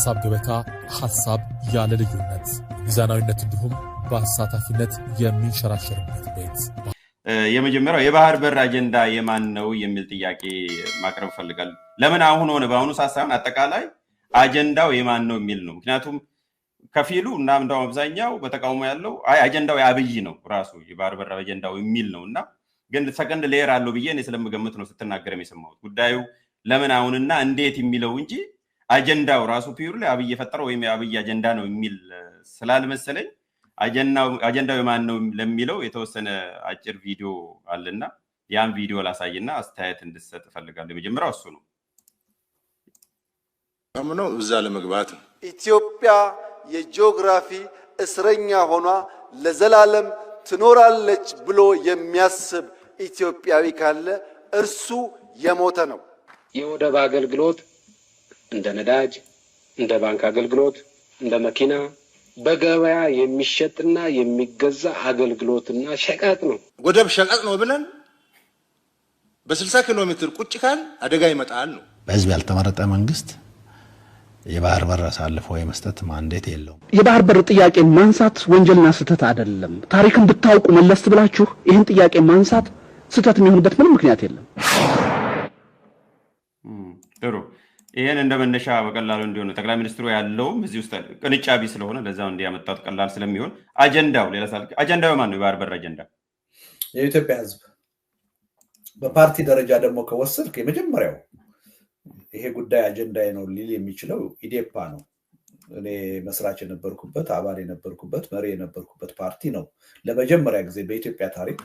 የሀሳብ ገበታ ሀሳብ ያለ ልዩነት ሚዛናዊነት፣ እንዲሁም በአሳታፊነት የሚንሸራሸርበት ቤት። የመጀመሪያው የባህር በር አጀንዳ የማን ነው የሚል ጥያቄ ማቅረብ እፈልጋለሁ። ለምን አሁን ሆነ በአሁኑ ሰዓት ሳይሆን አጠቃላይ አጀንዳው የማን ነው የሚል ነው። ምክንያቱም ከፊሉ እና እንደውም አብዛኛው በተቃውሞ ያለው አይ አጀንዳው የአብይ ነው ራሱ የባህር በር አጀንዳው የሚል ነው እና ግን ሰቀንድ ሌየር አለው ብዬ እኔ ስለምገምት ነው ስትናገረም የሰማሁት ጉዳዩ ለምን አሁንና እንዴት የሚለው እንጂ አጀንዳው ራሱ ፒዩር ላይ አብይ የፈጠረው ወይም የአብይ አጀንዳ ነው የሚል ስላልመሰለኝ አጀንዳው የማን ነው ለሚለው የተወሰነ አጭር ቪዲዮ አለና ያን ቪዲዮ ላሳይና አስተያየት እንድሰጥ እፈልጋለሁ። የመጀመሪያው እሱ ነው ምነው እዛ ለመግባት ነው። ኢትዮጵያ የጂኦግራፊ እስረኛ ሆኗ ለዘላለም ትኖራለች ብሎ የሚያስብ ኢትዮጵያዊ ካለ እርሱ የሞተ ነው። የወደብ አገልግሎት እንደ ነዳጅ፣ እንደ ባንክ አገልግሎት፣ እንደ መኪና በገበያ የሚሸጥና የሚገዛ አገልግሎትና ሸቀጥ ነው። ወደብ ሸቀጥ ነው ብለን በስልሳ ኪሎ ሜትር ቁጭ ካል አደጋ ይመጣል ነው። በህዝብ ያልተመረጠ መንግስት የባህር በር አሳልፎ የመስጠት ማንዴት የለውም። የባህር በር ጥያቄ ማንሳት ወንጀልና ስህተት አይደለም። ታሪክን ብታውቁ መለስ ብላችሁ ይህን ጥያቄ ማንሳት ስህተት የሚሆንበት ምንም ምክንያት የለም። ይህን እንደ መነሻ በቀላሉ እንዲሆነ ጠቅላይ ሚኒስትሩ ያለውም እዚህ ውስጥ ቅንጫቢ ስለሆነ ለዛ እንዲያመጣት ቀላል ስለሚሆን አጀንዳው ሌላ ሳል አጀንዳው ማን ነው? የባህር በር አጀንዳ የኢትዮጵያ ህዝብ በፓርቲ ደረጃ ደግሞ ከወሰድክ የመጀመሪያው ይሄ ጉዳይ አጀንዳ ነው ሊል የሚችለው ኢዴፓ ነው። እኔ መስራች የነበርኩበት አባል የነበርኩበት መሪ የነበርኩበት ፓርቲ ነው። ለመጀመሪያ ጊዜ በኢትዮጵያ ታሪክ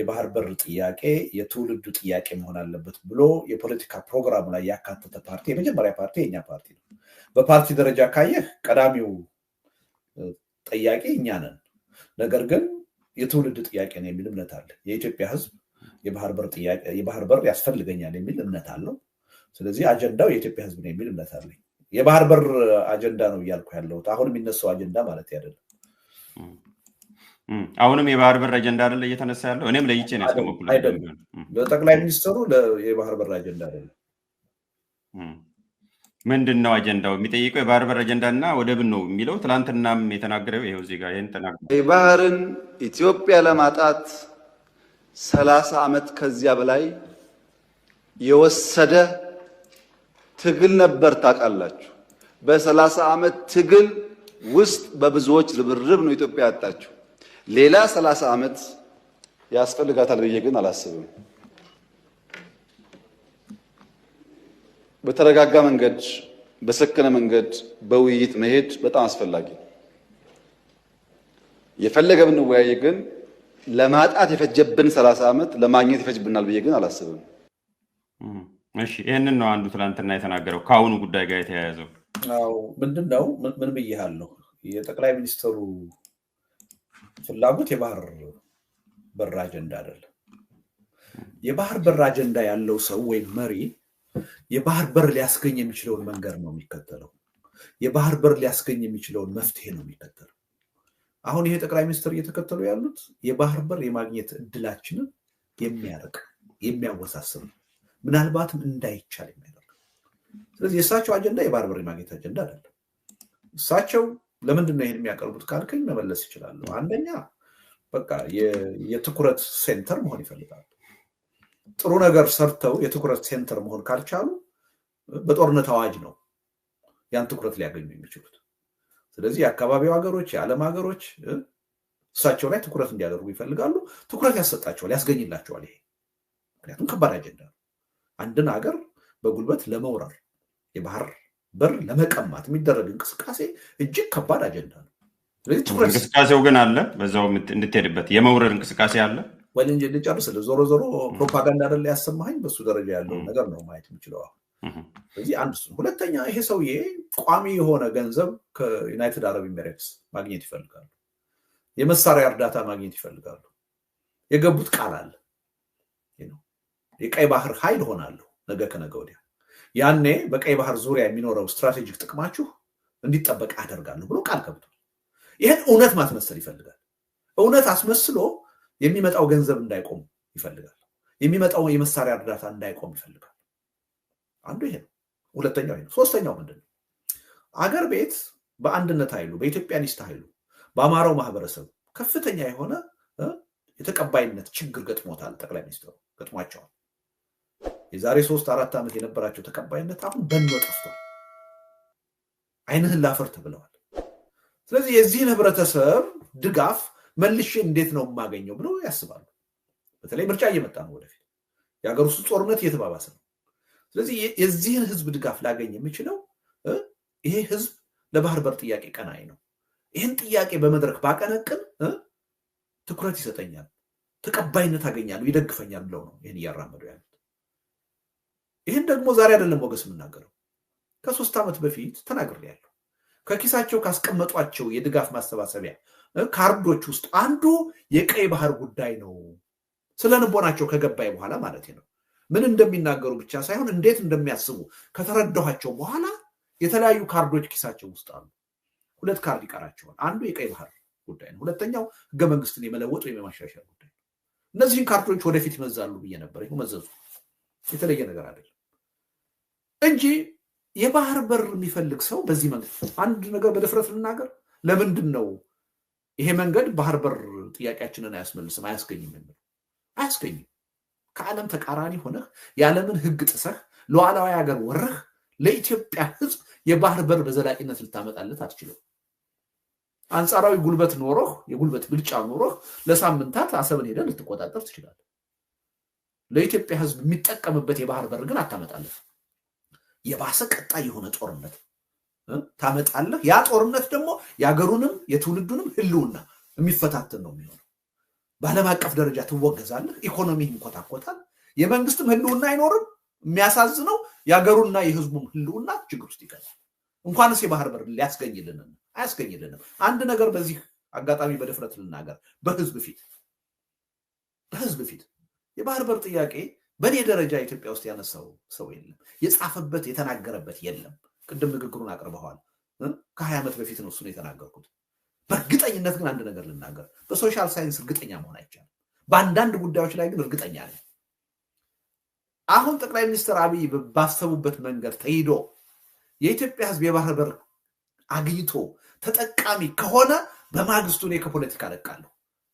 የባህር በር ጥያቄ የትውልዱ ጥያቄ መሆን አለበት ብሎ የፖለቲካ ፕሮግራም ላይ ያካተተ ፓርቲ የመጀመሪያ ፓርቲ የኛ ፓርቲ ነው። በፓርቲ ደረጃ ካየህ ቀዳሚው ጥያቄ እኛ ነን። ነገር ግን የትውልድ ጥያቄ ነው የሚል እምነት አለ። የኢትዮጵያ ሕዝብ የባህር በር ያስፈልገኛል የሚል እምነት አለው። ስለዚህ አጀንዳው የኢትዮጵያ ሕዝብ ነው የሚል እምነት አለኝ። የባህር በር አጀንዳ ነው እያልኩ ያለሁት አሁን የሚነሳው አጀንዳ ማለት አይደለም። አሁንም የባህር በር አጀንዳ አይደለ እየተነሳ ያለው? እኔም ለይቼ ነው ያስቀመኩላ። ለጠቅላይ ሚኒስትሩ የባህር በር አጀንዳ አይደለም። ምንድን ነው አጀንዳው? የሚጠይቀው የባህር በር አጀንዳ እና ወደብን ነው የሚለው። ትላንትናም የተናገረው ይኸው ዜጋ ይህን ተናግረው የባህርን ኢትዮጵያ ለማጣት ሰላሳ ዓመት ከዚያ በላይ የወሰደ ትግል ነበር። ታውቃላችሁ፣ በሰላሳ ዓመት ትግል ውስጥ በብዙዎች ርብርብ ነው ኢትዮጵያ ያጣችሁ ሌላ ሰላሳ ዓመት ያስፈልጋታል ብዬ ግን አላስብም። በተረጋጋ መንገድ፣ በሰከነ መንገድ በውይይት መሄድ በጣም አስፈላጊ ነው። የፈለገ ብንወያይ ግን ለማጣት የፈጀብን ሰላሳ ዓመት ለማግኘት ይፈጅብናል ብዬ ግን አላስብም። እሺ ይህንን ነው አንዱ ትናንትና የተናገረው ከአሁኑ ጉዳይ ጋር የተያያዘው ምንድን ነው? ምን ብያለሁ? የጠቅላይ ሚኒስትሩ ፍላጎት የባህር በር አጀንዳ አይደለም። የባህር በር አጀንዳ ያለው ሰው ወይም መሪ የባህር በር ሊያስገኝ የሚችለውን መንገድ ነው የሚከተለው። የባህር በር ሊያስገኝ የሚችለውን መፍትሄ ነው የሚከተለው። አሁን ይሄ ጠቅላይ ሚኒስትር እየተከተሉ ያሉት የባህር በር የማግኘት እድላችንን የሚያርቅ የሚያወሳስብ ምናልባትም እንዳይቻል የሚያደርግ። ስለዚህ የእሳቸው አጀንዳ የባህር በር የማግኘት አጀንዳ አይደለም። እሳቸው ለምንድን ነው ይሄን የሚያቀርቡት ካልከኝ መመለስ ይችላሉ። አንደኛ በቃ የትኩረት ሴንተር መሆን ይፈልጋሉ። ጥሩ ነገር ሰርተው የትኩረት ሴንተር መሆን ካልቻሉ በጦርነት አዋጅ ነው ያን ትኩረት ሊያገኙ የሚችሉት። ስለዚህ የአካባቢው ሀገሮች፣ የዓለም ሀገሮች እሳቸው ላይ ትኩረት እንዲያደርጉ ይፈልጋሉ። ትኩረት ያሰጣቸዋል፣ ያስገኝላቸዋል። ይሄ ምክንያቱም ከባድ አጀንዳ ነው። አንድን ሀገር በጉልበት ለመውረር የባህር ብር ለመቀማት የሚደረግ እንቅስቃሴ እጅግ ከባድ አጀንዳ ነው። እንቅስቃሴው ግን አለ፣ በዛው እንድትሄድበት የመውረድ እንቅስቃሴ አለ። ወይ እንጂ ዞሮ ዞሮ ፕሮፓጋንዳ ደላ ያሰማኝ በሱ ደረጃ ያለውን ነገር ነው ማየት የምችለው ስለዚህ አንድ እሱ። ሁለተኛ ይሄ ሰውዬ ቋሚ የሆነ ገንዘብ ከዩናይትድ አረብ ኤሚሬትስ ማግኘት ይፈልጋሉ። የመሳሪያ እርዳታ ማግኘት ይፈልጋሉ። የገቡት ቃል አለ። የቀይ ባህር ኃይል ሆናለሁ ነገ ከነገ ወዲያ ያኔ በቀይ ባህር ዙሪያ የሚኖረው ስትራቴጂክ ጥቅማችሁ እንዲጠበቅ አደርጋለሁ ብሎ ቃል ገብቷል። ይህን እውነት ማስመሰል ይፈልጋል። እውነት አስመስሎ የሚመጣው ገንዘብ እንዳይቆም ይፈልጋል። የሚመጣው የመሳሪያ እርዳታ እንዳይቆም ይፈልጋል። አንዱ ይሄ ነው። ሁለተኛው ይሄ ነው። ሶስተኛው ምንድን ነው? አገር ቤት በአንድነት ኃይሉ በኢትዮጵያኒስት ኃይሉ በአማራው ማህበረሰብ ከፍተኛ የሆነ የተቀባይነት ችግር ገጥሞታል። ጠቅላይ ሚኒስትሩ ገጥሟቸዋል። የዛሬ ሶስት አራት ዓመት የነበራቸው ተቀባይነት አሁን በኖ ጠፍቷል። አይንህን ላፈር ተብለዋል። ስለዚህ የዚህን ህብረተሰብ ድጋፍ መልሼ እንዴት ነው የማገኘው ብለው ያስባሉ። በተለይ ምርጫ እየመጣ ነው፣ ወደፊት የሀገር ውስጥ ጦርነት እየተባባሰ ነው። ስለዚህ የዚህን ህዝብ ድጋፍ ላገኝ የምችለው ይሄ ህዝብ ለባህር በር ጥያቄ ቀናይ ነው። ይህን ጥያቄ በመድረክ ባቀነቅን ትኩረት ይሰጠኛል፣ ተቀባይነት አገኛለሁ፣ ይደግፈኛል ብለው ነው ይህን እያራመዱ ያለ ይህን ደግሞ ዛሬ አይደለም ወገስ የምናገረው ከሶስት ዓመት በፊት ተናግሬያለሁ። ከኪሳቸው ካስቀመጧቸው የድጋፍ ማሰባሰቢያ ካርዶች ውስጥ አንዱ የቀይ ባህር ጉዳይ ነው። ስለ ልቦናቸው ከገባኝ በኋላ ማለት ነው። ምን እንደሚናገሩ ብቻ ሳይሆን እንዴት እንደሚያስቡ ከተረዳኋቸው በኋላ የተለያዩ ካርዶች ኪሳቸው ውስጥ አሉ። ሁለት ካርድ ይቀራቸዋል። አንዱ የቀይ ባህር ጉዳይ ነው። ሁለተኛው ህገ መንግስትን የመለወጥ ወይም የማሻሻል ጉዳይ ነው። እነዚህን ካርዶች ወደፊት ይመዛሉ ብዬ ነበር። ይኸው መዘዙ። የተለየ ነገር አይደለም። እንጂ የባህር በር የሚፈልግ ሰው በዚህ መንገድ አንድ ነገር በድፍረት ልናገር፣ ለምንድን ነው ይሄ መንገድ ባህር በር ጥያቄያችንን አያስመልስም አያስገኝም አያስገኝም። ከዓለም ተቃራኒ ሆነህ የዓለምን ሕግ ጥሰህ ሉዓላዊ ሀገር ወረህ ለኢትዮጵያ ሕዝብ የባህር በር በዘላቂነት ልታመጣለት አትችልም። አንጻራዊ ጉልበት ኖሮህ የጉልበት ብልጫ ኖሮህ ለሳምንታት አሰብን ሄደን ልትቆጣጠር ትችላለህ። ለኢትዮጵያ ሕዝብ የሚጠቀምበት የባህር በር ግን አታመጣለፍ? የባሰ ቀጣይ የሆነ ጦርነት ታመጣለህ። ያ ጦርነት ደግሞ የሀገሩንም የትውልዱንም ህልውና የሚፈታትን ነው የሚሆነው። በዓለም አቀፍ ደረጃ ትወገዛለህ፣ ኢኮኖሚ ይንኮታኮታል፣ የመንግስትም ህልውና አይኖርም። የሚያሳዝነው የሀገሩና የህዝቡም ህልውና ችግር ውስጥ ይገባል። እንኳንስ የባህር በር ሊያስገኝልንም አያስገኝልንም። አንድ ነገር በዚህ አጋጣሚ በድፍረት ልናገር፣ በህዝብ ፊት በህዝብ ፊት የባህር በር ጥያቄ በእኔ ደረጃ ኢትዮጵያ ውስጥ ያነሳው ሰው የለም፣ የጻፈበት የተናገረበት የለም። ቅድም ንግግሩን አቅርበዋል። ከሀያ ዓመት በፊት ነው እሱን የተናገርኩት። በእርግጠኝነት ግን አንድ ነገር ልናገር፣ በሶሻል ሳይንስ እርግጠኛ መሆን አይቻልም። በአንዳንድ ጉዳዮች ላይ ግን እርግጠኛ ነኝ። አሁን ጠቅላይ ሚኒስትር አብይ ባሰቡበት መንገድ ተሂዶ የኢትዮጵያ ሕዝብ የባህር በር አግኝቶ ተጠቃሚ ከሆነ በማግስቱ እኔ ከፖለቲካ እለቃለሁ።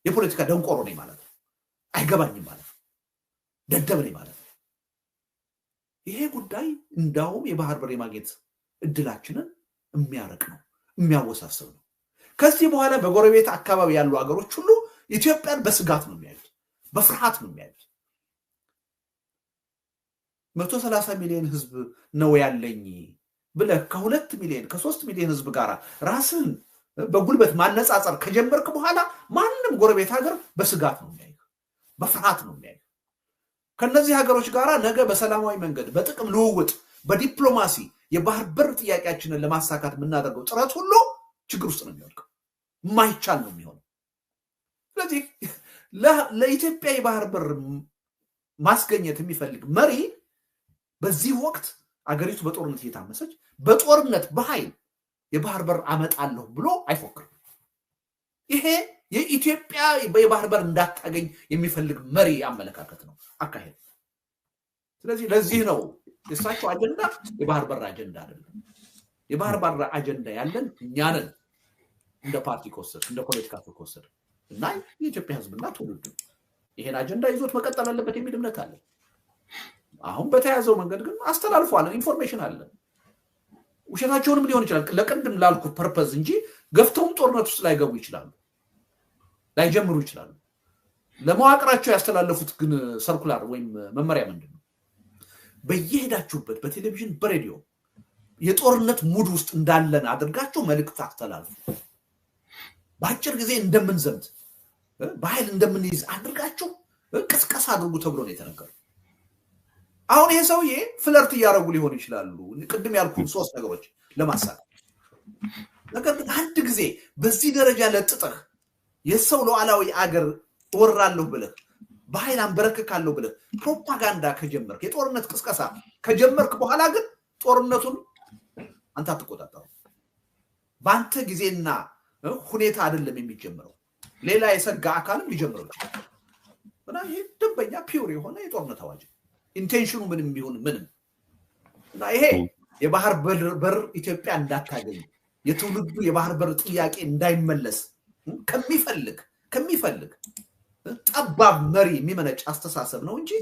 የፖለቲካ ደንቆሮ ነኝ ማለት ነው። አይገባኝም ማለት ነው። ደደብ ነኝ ማለት ነው። ይሄ ጉዳይ እንዳውም የባህር በር የማግኘት እድላችንን የሚያረቅ ነው፣ የሚያወሳስብ ነው። ከዚህ በኋላ በጎረቤት አካባቢ ያሉ ሀገሮች ሁሉ ኢትዮጵያን በስጋት ነው የሚያዩት፣ በፍርሃት ነው የሚያዩት። መቶ ሰላሳ ሚሊዮን ህዝብ ነው ያለኝ ብለህ ከሁለት ሚሊዮን ከሶስት ሚሊዮን ህዝብ ጋር ራስህን በጉልበት ማነጻጸር ከጀመርክ በኋላ ማንም ጎረቤት ሀገር በስጋት ነው የሚያዩ፣ በፍርሃት ነው የሚያዩ። ከነዚህ ሀገሮች ጋር ነገ በሰላማዊ መንገድ በጥቅም ልውውጥ በዲፕሎማሲ የባህር በር ጥያቄያችንን ለማሳካት የምናደርገው ጥረት ሁሉ ችግር ውስጥ ነው የሚወድቀው። የማይቻል ነው የሚሆነው። ስለዚህ ለኢትዮጵያ የባህር በር ማስገኘት የሚፈልግ መሪ በዚህ ወቅት አገሪቱ በጦርነት እየታመሰች በጦርነት በኃይል የባህር በር አመጣለሁ ብሎ አይፎክርም። ይሄ የኢትዮጵያ የባህር በር እንዳታገኝ የሚፈልግ መሪ አመለካከት ነው አካሄድ። ስለዚህ ለዚህ ነው የእሳቸው አጀንዳ የባህር በር አጀንዳ አይደለም። የባህር በር አጀንዳ ያለን እኛ ነን፣ እንደ ፓርቲ ከወሰድ እንደ ፖለቲካ ከወሰድ እና የኢትዮጵያ ሕዝብና ትውልድ ይሄን አጀንዳ ይዞት መቀጠል አለበት የሚል እምነት አለን። አሁን በተያዘው መንገድ ግን አለን ኢንፎርሜሽን አለን። ውሸታቸውንም ሊሆን ይችላል ለቅድም ላልኩት ፐርፐዝ እንጂ ገፍተውም ጦርነት ውስጥ ላይገቡ ይችላሉ። ላይጀምሩ ይችላሉ። ለመዋቅራቸው ያስተላለፉት ግን ሰርኩላር ወይም መመሪያ ምንድን ነው? በየሄዳችሁበት በቴሌቪዥን በሬዲዮ የጦርነት ሙድ ውስጥ እንዳለን አድርጋችሁ መልእክት አስተላልፉ። በአጭር ጊዜ እንደምንዘምት በኃይል እንደምንይዝ አድርጋችሁ ቅስቀሳ አድርጉ ተብሎ ነው የተነገሩ። አሁን ይሄ ሰውዬ ፍለርት እያደረጉ ሊሆን ይችላሉ። ቅድም ያልኩ ሶስት ነገሮች ለማሳት ነገር ግን አንድ ጊዜ በዚህ ደረጃ ለጥጥህ የሰው ሉዓላዊ አገር እወራለሁ ብለህ በኃይል አንበረክካለሁ ብለህ ፕሮፓጋንዳ ከጀመርክ የጦርነት ቅስቀሳ ከጀመርክ በኋላ ግን ጦርነቱን አንተ አትቆጣጠሩ። በአንተ ጊዜና ሁኔታ አይደለም የሚጀምረው። ሌላ የሰጋ አካልም ሊጀምረው እና ይህ ደንበኛ ፒውር የሆነ የጦርነት አዋጅ ኢንቴንሽኑ ምንም ቢሆን ምንም እና ይሄ የባህር በር ኢትዮጵያ እንዳታገኝ የትውልዱ የባህር በር ጥያቄ እንዳይመለስ ከሚፈልግ ከሚፈልግ ጠባብ መሪ የሚመነጭ አስተሳሰብ ነው እንጂ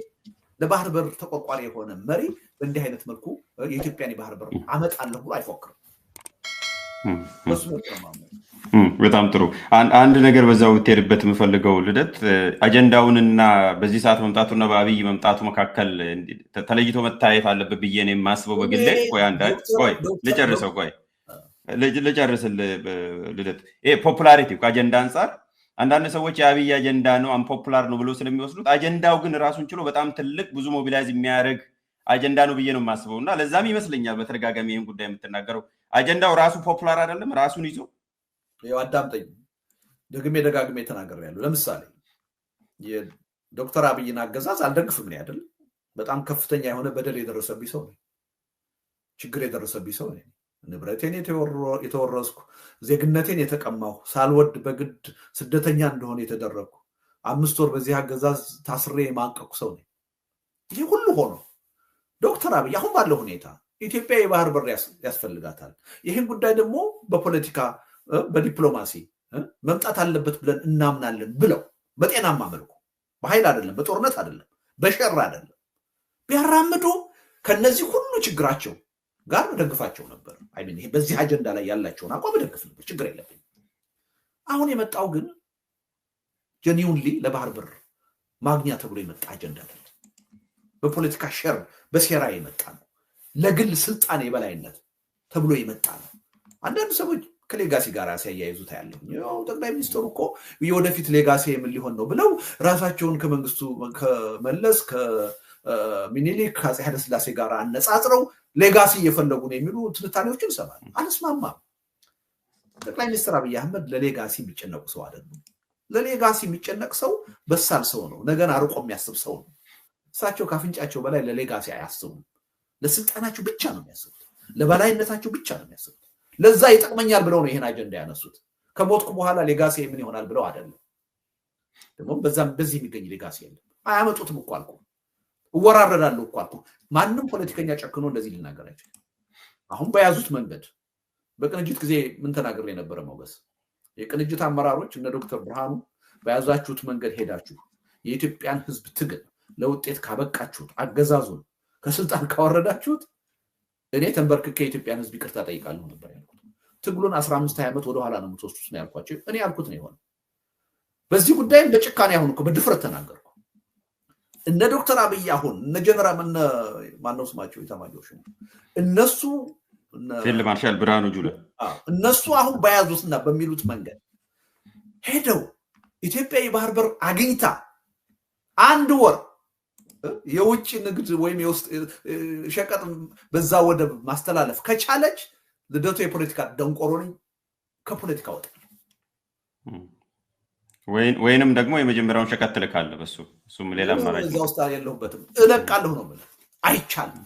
ለባህር በር ተቆርቋሪ የሆነ መሪ በእንዲህ አይነት መልኩ የኢትዮጵያን የባህር በር አመጣለሁ ብሎ አይፎክርም። በጣም ጥሩ። አንድ ነገር በዛ ብትሄድበት የምፈልገው ልደት አጀንዳውንና በዚህ ሰዓት መምጣቱና በአብይ መምጣቱ መካከል ተለይቶ መታየት አለበት ብዬ ነው የማስበው። በግሌ ቆይ አንድ ቆይ ልጨርሰው ቆይ ልጨርስልህ ልደቱ። ይሄ ፖፑላሪቲ ከአጀንዳ አንጻር አንዳንድ ሰዎች የአብይ አጀንዳ ነው አንፖፑላር ነው ብሎ ስለሚወስዱት አጀንዳው ግን ራሱን ችሎ በጣም ትልቅ ብዙ ሞቢላይዝ የሚያደርግ አጀንዳ ነው ብዬ ነው የማስበው። እና ለዛም ይመስለኛል በተደጋጋሚ ይህን ጉዳይ የምትናገረው አጀንዳው ራሱ ፖፑላር አይደለም ራሱን ይዞ አዳምጠኝ፣ ደግሜ ደጋግሜ ያሉ ለምሳሌ የዶክተር አብይን አገዛዝ አልደግፍም ነው አይደለም። በጣም ከፍተኛ የሆነ በደል የደረሰብኝ ሰው ነው ችግር የደረሰብኝ ሰው ነው ንብረቴን የተወረስኩ ዜግነቴን የተቀማሁ ሳልወድ በግድ ስደተኛ እንደሆነ የተደረግኩ አምስት ወር በዚህ አገዛዝ ታስሬ የማቀቁ ሰው ነኝ። ይህ ሁሉ ሆኖ ዶክተር አብይ አሁን ባለው ሁኔታ ኢትዮጵያ የባህር በር ያስፈልጋታል። ይህን ጉዳይ ደግሞ በፖለቲካ በዲፕሎማሲ መምጣት አለበት ብለን እናምናለን ብለው በጤናማ መልኩ በኃይል አይደለም፣ በጦርነት አይደለም፣ በሸር አይደለም ቢያራምዱ ከነዚህ ሁሉ ችግራቸው ጋር ደግፋቸው ነበር። በዚህ አጀንዳ ላይ ያላቸውን አቋም እደግፍ ነበር፣ ችግር የለብኝ። አሁን የመጣው ግን ጀኒውንሊ ለባህር በር ማግኛ ተብሎ የመጣ አጀንዳ አለ። በፖለቲካ ሸር በሴራ የመጣ ነው። ለግል ስልጣን የበላይነት ተብሎ የመጣ ነው። አንዳንድ ሰዎች ከሌጋሲ ጋር ሲያያይዙት ያለሁ ጠቅላይ ሚኒስትሩ እኮ የወደፊት ሌጋሲ የምን ሊሆን ነው ብለው ራሳቸውን ከመንግስቱ ከመለስ ሚኒሊክ አፄ ኃይለስላሴ ጋር አነጻጽረው ሌጋሲ እየፈለጉ ነው የሚሉ ትንታኔዎችን ይሰማል። አልስማማም። ጠቅላይ ሚኒስትር አብይ አህመድ ለሌጋሲ የሚጨነቁ ሰው አይደሉም። ለሌጋሲ የሚጨነቅ ሰው በሳል ሰው ነው፣ ነገን አርቆ የሚያስብ ሰው ነው። እሳቸው ካፍንጫቸው በላይ ለሌጋሲ አያስቡም። ለስልጣናቸው ብቻ ነው የሚያስቡት፣ ለበላይነታቸው ብቻ ነው የሚያስቡት። ለዛ ይጠቅመኛል ብለው ነው ይህን አጀንዳ ያነሱት። ከሞትኩ በኋላ ሌጋሲ ምን ይሆናል ብለው አይደለም። ደግሞ በዛም በዚህ የሚገኝ ሌጋሲ የለም። አያመጡትም እኮ እወራረዳለሁ እኮ አልኩ። ማንም ፖለቲከኛ ጨክኖ እንደዚህ ሊናገር አይችልም። አሁን በያዙት መንገድ በቅንጅት ጊዜ ምን ተናግሬ የነበረ ሞገስ፣ የቅንጅት አመራሮች እነ ዶክተር ብርሃኑ በያዛችሁት መንገድ ሄዳችሁ የኢትዮጵያን ሕዝብ ትግል ለውጤት ካበቃችሁት፣ አገዛዙን ከስልጣን ካወረዳችሁት እኔ ተንበርክኬ የኢትዮጵያን ሕዝብ ይቅርታ ጠይቃለሁ ነበር ያልኩት። ትግሉን አስራ አምስት ዓመት ወደኋላ ነው የምትወስዱት ነው ያልኳቸው። እኔ ያልኩት ነው የሆነ። በዚህ ጉዳይም በጭካኔ አሁን እኮ በድፍረት ተናገርኩ። እነ ዶክተር አብይ አሁን እነ ጀነራል እነ ማነው ስማቸው ነው እነሱ ፊልድ ማርሻል ብርሃኑ ጁላ እነሱ አሁን በያዙትና በሚሉት መንገድ ሄደው ኢትዮጵያ የባህር በር አግኝታ አንድ ወር የውጭ ንግድ ወይም የውስጥ ሸቀጥ በዛ ወደብ ማስተላለፍ ከቻለች ልደቱ የፖለቲካ ደንቆሮን ከፖለቲካ ወጣ ወይንም ደግሞ የመጀመሪያውን ሸቀት ትልካለህ። በሱ እሱም ሌላ አማራጭ እዛ ውስጥ የለሁበትም እለቃለሁ ነው የምልህ። አይቻልም።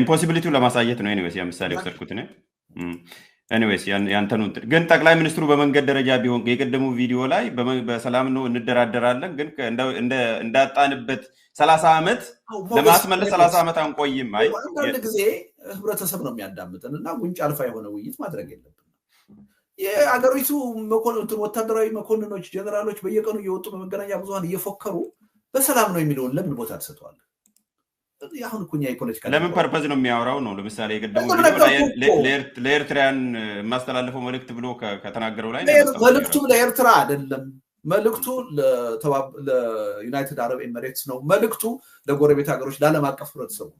ኢምፖሲቢሊቲውን ለማሳየት ነው። ኒስ ያ ምሳሌ ወሰድኩት እኔ። ኤኒዌይስ ግን ጠቅላይ ሚኒስትሩ በመንገድ ደረጃ ቢሆን የቀደሙ ቪዲዮ ላይ በሰላም ነው እንደራደራለን፣ ግን እንዳጣንበት ሰላሳ ዓመት ለማስመለስ ሰላሳ ዓመት አንቆይም። አይ አንዳንድ ጊዜ ህብረተሰብ ነው የሚያዳምጠን እና ጉንጭ አልፋ የሆነ ውይይት ማድረግ የለብን የአገሪቱ ወታደራዊ መኮንኖች፣ ጀነራሎች በየቀኑ እየወጡ በመገናኛ ብዙሀን እየፎከሩ በሰላም ነው የሚለውን ለምን ቦታ ትሰጠዋለህ? አሁን እኮ እኛ የፖለቲካ ለምን ፐርፐዝ ነው የሚያወራው ነው። ለምሳሌ የቀደሙ የማስተላለፈው መልእክት ብሎ ከተናገረው ላይ መልእክቱ ለኤርትራ አይደለም። መልእክቱ ለዩናይትድ አረብ ኤሚሬትስ ነው። መልእክቱ ለጎረቤት ሀገሮች፣ ለዓለም አቀፍ ህብረተሰቡ፣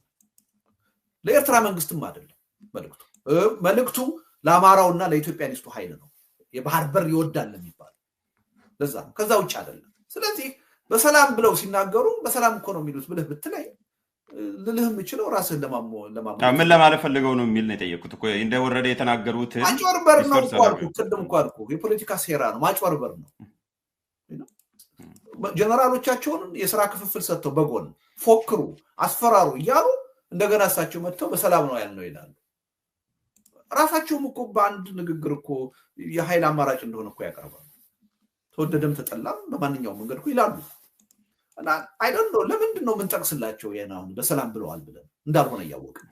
ለኤርትራ መንግስትም አይደለም መልእክቱ መልእክቱ ለአማራውና ለኢትዮጵያኒስቱ ኃይል ነው። የባህር በር ይወዳል የሚባለው ለዛ ነው። ከዛ ውጭ አይደለም። ስለዚህ በሰላም ብለው ሲናገሩ በሰላም እኮ ነው የሚሉት ብልህ ብትለይ ልልህ የምችለው ራስህን ለማምን ለማለት ፈልገው ነው የሚል ነው የጠየቁት እንደወረደ የተናገሩት ማጭበርበር ነው እኮ አልኩህ። ቅድም እኮ አልኩህ የፖለቲካ ሴራ ነው፣ ማጭበርበር ነው። ጀነራሎቻቸውን የስራ ክፍፍል ሰጥተው በጎን ፎክሩ፣ አስፈራሩ እያሉ እንደገና እሳቸው መጥተው በሰላም ነው ያልነው ይላሉ። ራሳቸውም እኮ በአንድ ንግግር እኮ የኃይል አማራጭ እንደሆነ እኮ ያቀርባሉ። ተወደደም ተጠላም በማንኛውም መንገድ እኮ ይላሉ። እና አይደንዶ ለምንድን ነው የምንጠቅስላቸው? ይሄን በሰላም ብለዋል ብለን እንዳልሆነ እያወቅን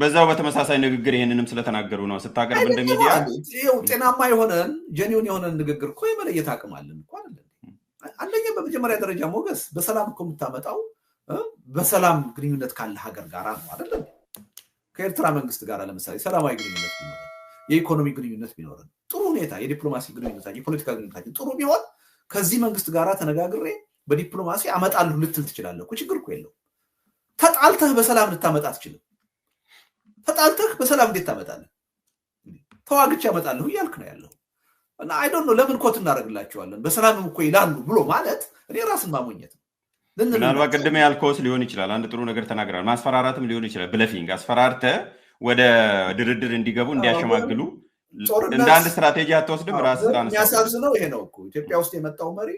በዛው በተመሳሳይ ንግግር ይህንንም ስለተናገሩ ነው ስታቀርብ እንደ ጤናማ የሆነን ጀኒውን የሆነን ንግግር እኮ የመለየት አቅም አለን እኮ አንደኛ በመጀመሪያ ደረጃ ሞገስ በሰላም እኮ የምታመጣው በሰላም ግንኙነት ካለ ሀገር ጋር ነው አይደለም ከኤርትራ መንግስት ጋር ለምሳሌ ሰላማዊ ግንኙነት ቢኖረን፣ የኢኮኖሚ ግንኙነት ቢኖረን፣ ጥሩ ሁኔታ የዲፕሎማሲ ግንኙነታችን የፖለቲካ ግንኙነታችን ጥሩ ቢሆን ከዚህ መንግስት ጋር ተነጋግሬ በዲፕሎማሲ አመጣለሁ ልትል ትችላለህ እኮ ችግር እኮ የለውም። ተጣልተህ በሰላም ልታመጣ ትችልም ተጣልተህ በሰላም እንዴት ታመጣለህ? ተዋግቼ ያመጣለሁ እያልክ ነው ያለው እና አይዶን ለምን ኮት እናደርግላቸዋለን በሰላምም እኮ ይላሉ ብሎ ማለት እኔ ራስን ማሞኘት ነው። ምናልባት ቅድም ያልከውስ ሊሆን ይችላል። አንድ ጥሩ ነገር ተናግራል። ማስፈራራትም ሊሆን ይችላል። ብለፊንግ አስፈራርተ ወደ ድርድር እንዲገቡ እንዲያሸማግሉ እንደ አንድ ስትራቴጂ አትወስድም። ራስ ነው ይሄ ነው እኮ ኢትዮጵያ ውስጥ የመጣው መሪ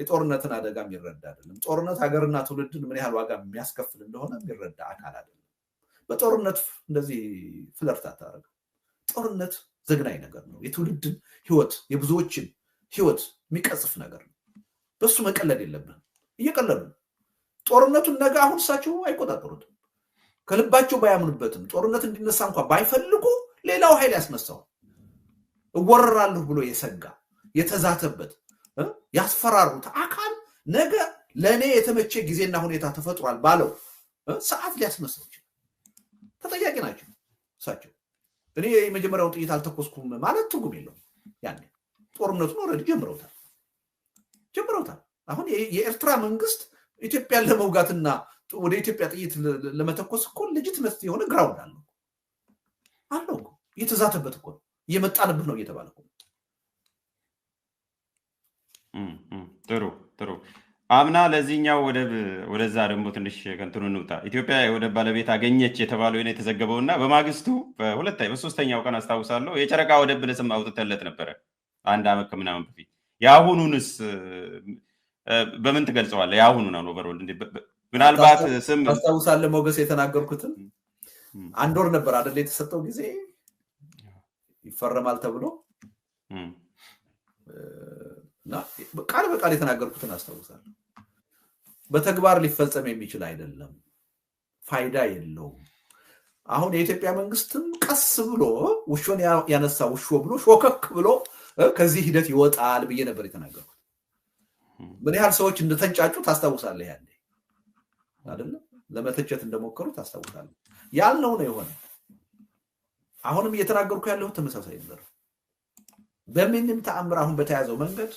የጦርነትን አደጋ የሚረዳ አይደለም። ጦርነት ሀገርና ትውልድን ምን ያህል ዋጋ የሚያስከፍል እንደሆነ የሚረዳ አካል አይደለም። በጦርነት እንደዚህ ፍለርት አታደርግም። ጦርነት ዘግናኝ ነገር ነው። የትውልድን ህይወት የብዙዎችን ህይወት የሚቀጽፍ ነገር ነው። በሱ መቀለድ የለብን። እየቀለሉ ጦርነቱን ነገ አሁን እሳቸው አይቆጣጠሩትም። ከልባቸው ባያምኑበትም ጦርነት እንዲነሳ እንኳ ባይፈልጉ ሌላው ኃይል ያስነሳዋል። እወረራለሁ ብሎ የሰጋ የተዛተበት ያስፈራሩት አካል ነገ ለእኔ የተመቸ ጊዜና ሁኔታ ተፈጥሯል ባለው ሰዓት ሊያስነሳ ይችላል። ተጠያቂ ናቸው እሳቸው። እኔ የመጀመሪያውን ጥይት አልተኮስኩም ማለት ትርጉም የለውም። ያኔ ጦርነቱን ወረድ ጀምረውታል ጀምረውታል አሁን የኤርትራ መንግስት ኢትዮጵያን ለመውጋትና ወደ ኢትዮጵያ ጥይት ለመተኮስ እኮ ልጅትመት የሆነ ግራውንድ አለው አለው እየተዛተበት እኮ እየመጣንብህ ነው እየተባለ ጥሩ ጥሩ አምና ለዚህኛው ወደብ ወደዛ ደግሞ ትንሽ ከንትኑ እንውጣ። ኢትዮጵያ የወደብ ባለቤት አገኘች የተባለው ና የተዘገበው እና በማግስቱ በሁለታ በሶስተኛው ቀን አስታውሳለሁ የጨረቃ ወደብ ብለስም አውጥተለት ነበረ አንድ አመት ከምናምን በፊት የአሁኑንስ በምን ትገልጸዋለህ? የአሁኑ ነው ኦቨርኦል ምናልባት ስም ሞገስ የተናገርኩትን አንድ ወር ነበር አደለ የተሰጠው ጊዜ ይፈረማል ተብሎ ቃል በቃል የተናገርኩትን አስታውሳለሁ። በተግባር ሊፈጸም የሚችል አይደለም፣ ፋይዳ የለውም። አሁን የኢትዮጵያ መንግስትም ቀስ ብሎ ውሾን ያነሳ ውሾ ብሎ ሾከክ ብሎ ከዚህ ሂደት ይወጣል ብዬ ነበር የተናገርኩት። ምን ያህል ሰዎች እንደተንጫጩ ታስታውሳለህ። ያ አደለ ለመተቸት እንደሞከሩ ታስታውሳለህ። ያልነው ነው የሆነ። አሁንም እየተናገርኩ ያለሁ ተመሳሳይ ነበር በምንም ተአምር አሁን በተያዘው መንገድ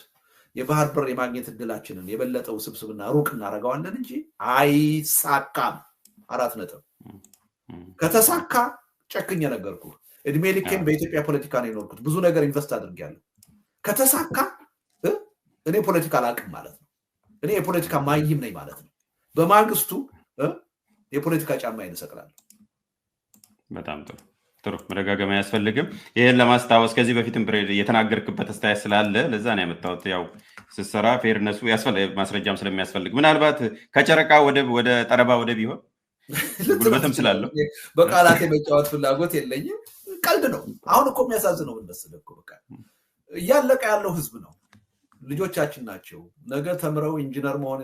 የባህር በር የማግኘት እድላችንን የበለጠ ውስብስብና ሩቅ እናደርገዋለን እንጂ አይሳካም። አራት ነጥብ። ከተሳካ ጨክኝ ነገርኩ። እድሜ ልኬን በኢትዮጵያ ፖለቲካ ነው የኖርኩት። ብዙ ነገር ኢንቨስት አድርጌያለሁ። ከተሳካ እኔ ፖለቲካ አላውቅም ማለት ነው። እኔ የፖለቲካ ማይም ነኝ ማለት ነው። በማግስቱ የፖለቲካ ጫማ እሰቅላለሁ። በጣም ጥሩ ጥሩ መደጋገም አያስፈልግም። ይህን ለማስታወስ ከዚህ በፊትም የተናገርክበት አስተያየት ስላለ ለዛ ነው ያመጣሁት። ያው ስትሰራ ፌርነሱ ማስረጃም ስለሚያስፈልግ ምናልባት ከጨረቃ ወደ ጠረባ ወደብ ቢሆን ጉልበትም ስላለው በቃላት የመጫወት ፍላጎት የለኝም። ቀልድ ነው። አሁን እኮ የሚያሳዝነው ነው ብንመስል እያለቀ ያለው ህዝብ ነው ልጆቻችን ናቸው። ነገ ተምረው ኢንጂነር መሆን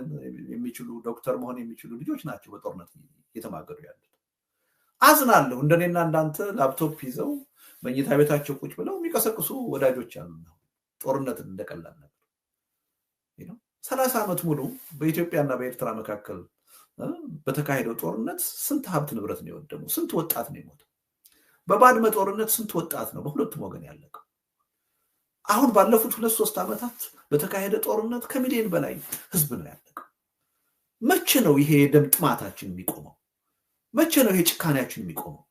የሚችሉ ዶክተር መሆን የሚችሉ ልጆች ናቸው በጦርነት እየተማገዱ ያሉት። አዝናለሁ። እንደኔና እንዳንተ ላፕቶፕ ይዘው መኝታ ቤታቸው ቁጭ ብለው የሚቀሰቅሱ ወዳጆች አሉ። ጦርነትን እንደቀላል ነገር ሰላሳ ዓመት ሙሉ በኢትዮጵያና በኤርትራ መካከል በተካሄደው ጦርነት ስንት ሀብት ንብረት ነው የወደመው? ስንት ወጣት ነው የሞተው? በባድመ ጦርነት ስንት ወጣት ነው በሁለቱም ወገን ያለቀው? አሁን ባለፉት ሁለት ሶስት ዓመታት በተካሄደ ጦርነት ከሚሊዮን በላይ ህዝብ ነው ያለቀው። መቼ ነው ይሄ የደም ጥማታችን የሚቆመው? መቼ ነው ይሄ ጭካኔያችን የሚቆመው?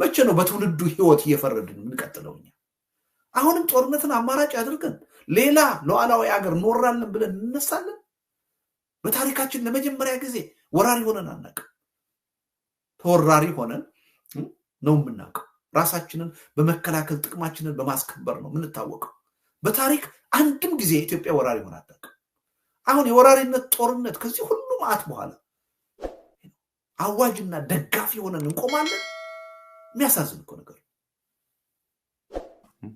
መቼ ነው በትውልዱ ህይወት እየፈረድን የምንቀጥለው? እኛ አሁንም ጦርነትን አማራጭ አድርገን ሌላ ሉዓላዊ ሀገር እንወራለን ብለን እንነሳለን። በታሪካችን ለመጀመሪያ ጊዜ ወራሪ ሆነን አናውቅም። ተወራሪ ሆነን ነው የምናውቀው። ራሳችንን በመከላከል ጥቅማችንን በማስከበር ነው የምንታወቀው። በታሪክ አንድም ጊዜ ኢትዮጵያ ወራሪ ሆና አታውቅም። አሁን የወራሪነት ጦርነት ከዚህ ሁሉ መዓት በኋላ አዋጅና ደጋፊ ሆነን እንቆማለን። የሚያሳዝን እኮ ነገር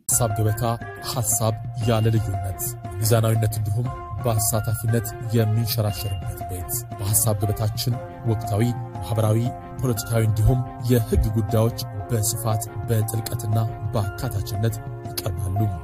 ሀሳብ ገበታ ሀሳብ ያለ ልዩነት ሚዛናዊነት እንዲሁም በአሳታፊነት የሚንሸራሸርበት ቤት በሀሳብ ገበታችን ወቅታዊ፣ ማህበራዊ፣ ፖለቲካዊ እንዲሁም የህግ ጉዳዮች በስፋት በጥልቀትና በአካታችነት ይቀርባሉ።